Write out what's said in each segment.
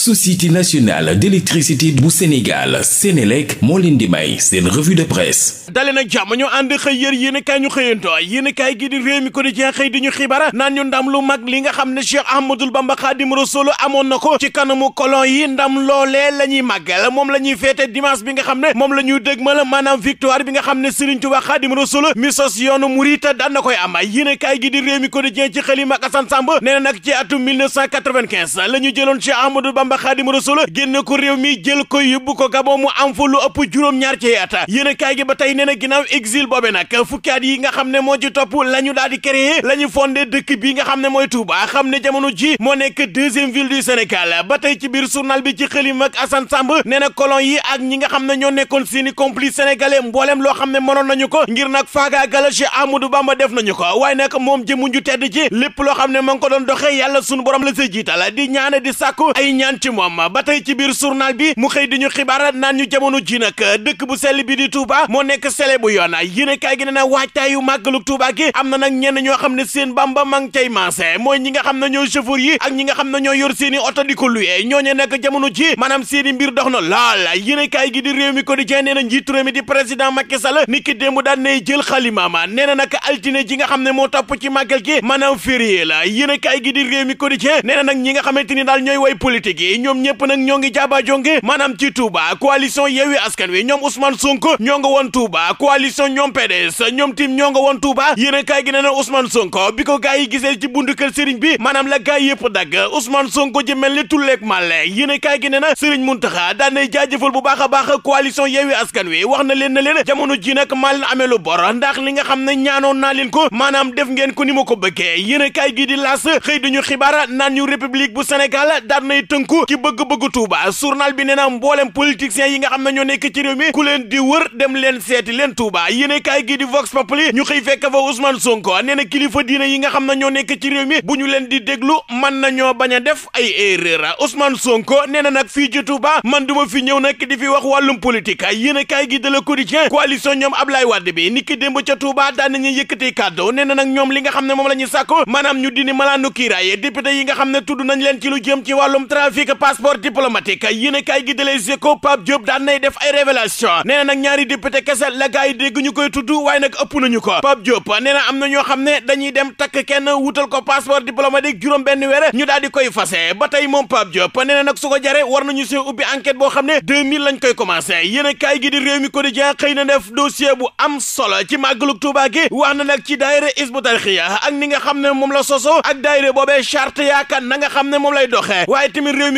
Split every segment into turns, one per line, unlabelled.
société nationale d'électricité bu Sénégal Sénélec moo leen di may seen revue de presse dale nag jàmm ñu ànd xëy yër yéenekaay ñu xëyanto yéenekaay gi di Rewmi Quotidien xëy di ñu xibaar naan ñu ndam lu mag li nga xam ne Cheikh Ahmadou Bamba Khadim Rassoul amoon na ko ci kanamu colon yi ndam loolee la ñuy màggal moom la ñuy féete bi nga xam ne moom la ñuy dëgmal maanaam victoire bi nga xam ne Serigne Touba Khadim Rassoul mi sos yoonu murit daan na koy am yéenekaay gi di Rewmi Quotidien ci Bamba Xaadimu Rasuul génne ko réew mi jël ko yóbbu ko Gabon mu am fa lu ëpp juróom-ñaar ci at yéen kaay gi ba tey nee na ginnaaw exil boobe nag fukki at yi nga xam ne moo ci topp la ñu daal di créé la ñu fondé dëkk bi nga xam ne mooy Touba xam ne jamono ji moo nekk deuxième ville du Sénégal ba tey ci biir journal bi ci xëlim ak Assane Samb nee na colon yi ak ñi nga xam ne ñoo nekkoon seeni complice sénégalais mboolem loo xam ne mënoon nañu ko ngir nag faagaagal Cheikh Amadou Bamba def nañu ko waaye nag moom jëmuñu tedd ci lépp loo xam ne ma ngi ko doon doxee yàlla sunu borom la sa jiital di ñaane di sàkku ay ci moom ba tey ci biir journal bi mu xëy di ñu xibaar naan ñu jamono ji nag dëkk bu sell bi di Touba moo nekk sele bu yoon yéen kaay gi ne na waajtaayu màggalu Touba gi am na nag ñenn ñoo xam ne seen bamba ma ngi cay mancé mooy ñi nga xam ne ñoo chauffeur yi ak ñi nga xam ne ñoo yor seeni i oto di ko luye ñooñu nag jamono ji maanaam seeni mbir dox na lool yéen kaay gi di réew mi quotidien nee na njiitu réew mi di président Macky Sall ni ki démb daan ne jël xalimaama nag altine ji nga xam ne moo topp ci màggal gi maanaam férié la yéen kaay gi di réew mi nee na nag xamante ni daal ñooy way politique yi yi ñoom ñëpp nag ñoo ngi jaaba jonge maanaam ci Touba coalition Yewwi Askan Wi ñoom Ousmane Sonko ñoo nga won Touba coalition ñoom PDS ñoom tim ñoo nga woon Touba yéen a kaay gi na na Ousmane Sonko bi ko gaa yi gisee ci buntu kër sëriñ bi maanaam la gaa yëpp dagg Ousmane Sonko ji mel tul tulleeg màlle yéen a kaay gi nee na sëriñ Muntaxa daan nay jaajëfal bu baax a baax coalition Yewwi Askan Wi wax na leen na leen jamono ji nag maa leen amee lu bor ndax li nga xam ne ñaanoon naa leen ko maanaam def ngeen ko ni ma ko bëggee yéen a kaay gi di laas xëy duñu xibaar naan ñu république bu Sénégal daan nay tënku dugg ci bëgg-bëgg Touba journal bi nee na mboolem politiciens yi nga xam ne ñoo nekk ci réew mi ku leen di wër dem leen seeti leen Touba yéene kaay gi di Vox Populi ñu xëy fekk fa Ousmane Sonko nee na kilifa diine yi nga xam ne ñoo nekk ci bu ñu leen di déglu mën nañoo bañ a def ay erreur Ousmane Sonko nee na nag fii ci Touba man du fi ñëw nag di fi wax wàllum politique yéene kaay gi de Le Quotidien coalition ñoom Ablaye Wade bi niki démb ca Touba daan nañu yëkkati kàddu nee nag ñoom li nga xam ne moom la ñu sàkku maanaam ñu dini malaanu kiiraaye député yi nga xam ne tudd nañ leen ci lu jëm ci wàllum trafic ak passeport diplomatique yéen kaay gi de Les Échos Pape Diop def ay révélation nee na nag ñaari député kese la gars yi ñu koy tudd waaye nag ëpp nañu ko Pape Diop nee am na xam ne dañuy dem takk kenn wutal ko passeport diplomatique juróom benn weer ñu daal di koy fase ba moom Pape Diop nee na nag su ko jare war nañu si ubbi enquête boo xam ne 2000 lañ koy commencé yéen kaay gi réew mi quotidien xëy na def dossier bu am solo ci màggalu Tuuba gi wax na nag ci daayira Hizbut Tarqiyyah ak ni nga xam ne moom la soso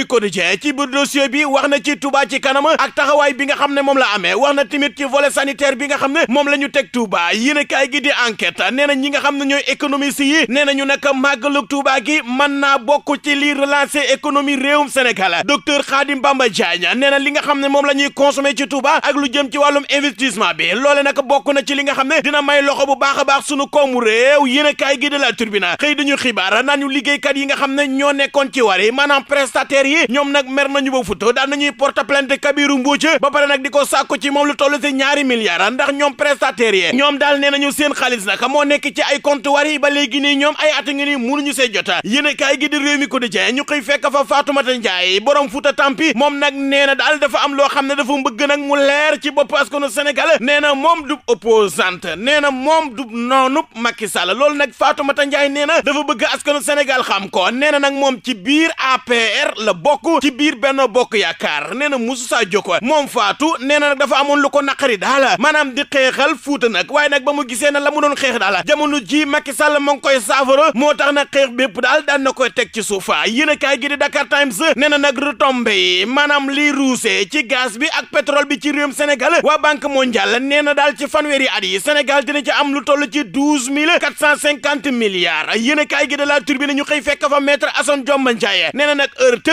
Rewmi Quotidien ci biir dossier bi wax na ci Touba ci kanam ak taxawaay bi nga xam ne moom la amee wax na tamit ci volet sanitaire bi nga xam ne moom la ñu teg Touba yéen a kaay gi di enquête nee na ñi nga xam ne ñooy économiste yi nee na ñu nag màggalu Touba gi mën naa bokk ci li relancer économie réewum Sénégal docteur Khadim Bamba Diagne ne na li nga xam ne moom la ñuy consommer ci tuba ak lu jëm ci wàllum investissement bi loole nag bokk na ci li nga xam ne dina may loxo bu baax baax sunu koomu réew yéen a kaay gi de la Tribune xëy dañu xibaar naan ñu liggéeykat yi nga xam ne ñoo nekkoon ci wari maanaam prestataire yi ñoom nag mer nañu ba fut daan nañuy porte Kabiru Mbodj ba pare nag di ko sàkku ci moom lu toll si ñaari milliards ndax ñoom prestataires yi ñoom daal nee nañu seen xaalis nag moo nekk ci ay comptoir yi ba léegi nii ñoom ay at ngi nii mënuñu see jota yéen a kaay gi di réew mi ko di jee ñu koy fekk fa Fatoumata Ndiaye borom Fouta Tampi moom nag nee na daal dafa am loo xam ne dafa mbëgg nag mu leer ci bopp askanu Sénégal nee na moom du opposante nee na moom du noonub Macky Sall loolu nag Fatoumata Ndiaye nee na dafa bëgg askanu Sénégal xam ko nee na nag moom ci biir APR la bokk ci biir Benno Bokk Yaakaar nee na Moussa Diop moom Fatou nee na nag dafa amoon lu ko naqari daala maanaam di xeexal Fuuta nag waaye nag ba mu gisee na la mu doon xeex daala jamono ji Macky Sall ma ngi koy saafara moo tax nag xeex bépp daal daan na koy teg ci suufa yéen a kaay gi di Dakar Times nee na nag retombé yi maanaam lii ruusee ci gaz bi ak pétrole bi ci réewum Sénégal waa Banque mondiale nee na daal ci fanweeri at yi Sénégal dina ci am lu toll ci douze mille quatre cent cinquante milliards yéen a kaay gi de la ñu xëy fekk fa maître Assane Dioma Ndiaye nee na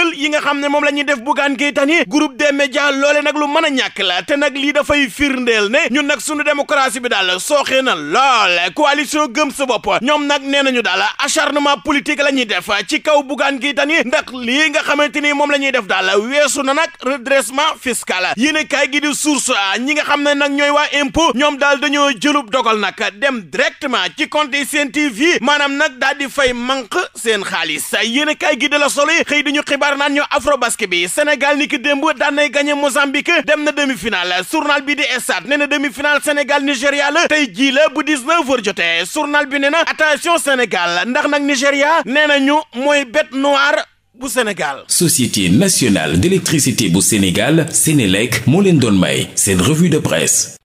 contrôle yi nga xam ne moom la ñuy def Bougane Gueye Dany groupe des médias loole nag lu mën a ñàkk la te nag lii dafay firndeel ne ñun nag sunu démocratie bi daal sooxee na lool coalition gëm sa bopp ñoom nag nee nañu daal acharnement politique la ñuy def ci kaw Bougane Gueye Dany ndax lii nga xamante ni moom la def daal weesu na nag redressement fiscal yéen a kaay gi di source ñi nga xam ne nag ñooy waa impôt ñoom daal dañoo jëlub dogal nag dem directement ci compte Sen TV maanaam nag daal di fay manque seen xaalis yéen a kaay gi de la solo xëy dañu xibaar naan ñu afrobasket bi Sénégal ni ki démb daan nay gagné Mozambique dem na demi-finale journal bi di Stades nee na demi-finale Sénégal Nigéria la tey jii la bu 19h jotee journal bi nee na attention Sénégal ndax nag Nigéria nee na ñu mooy bête noire. bu Sénégal. Société nationale d'électricité bu Sénégal Sénélec moo leen doon may seen revue de presse.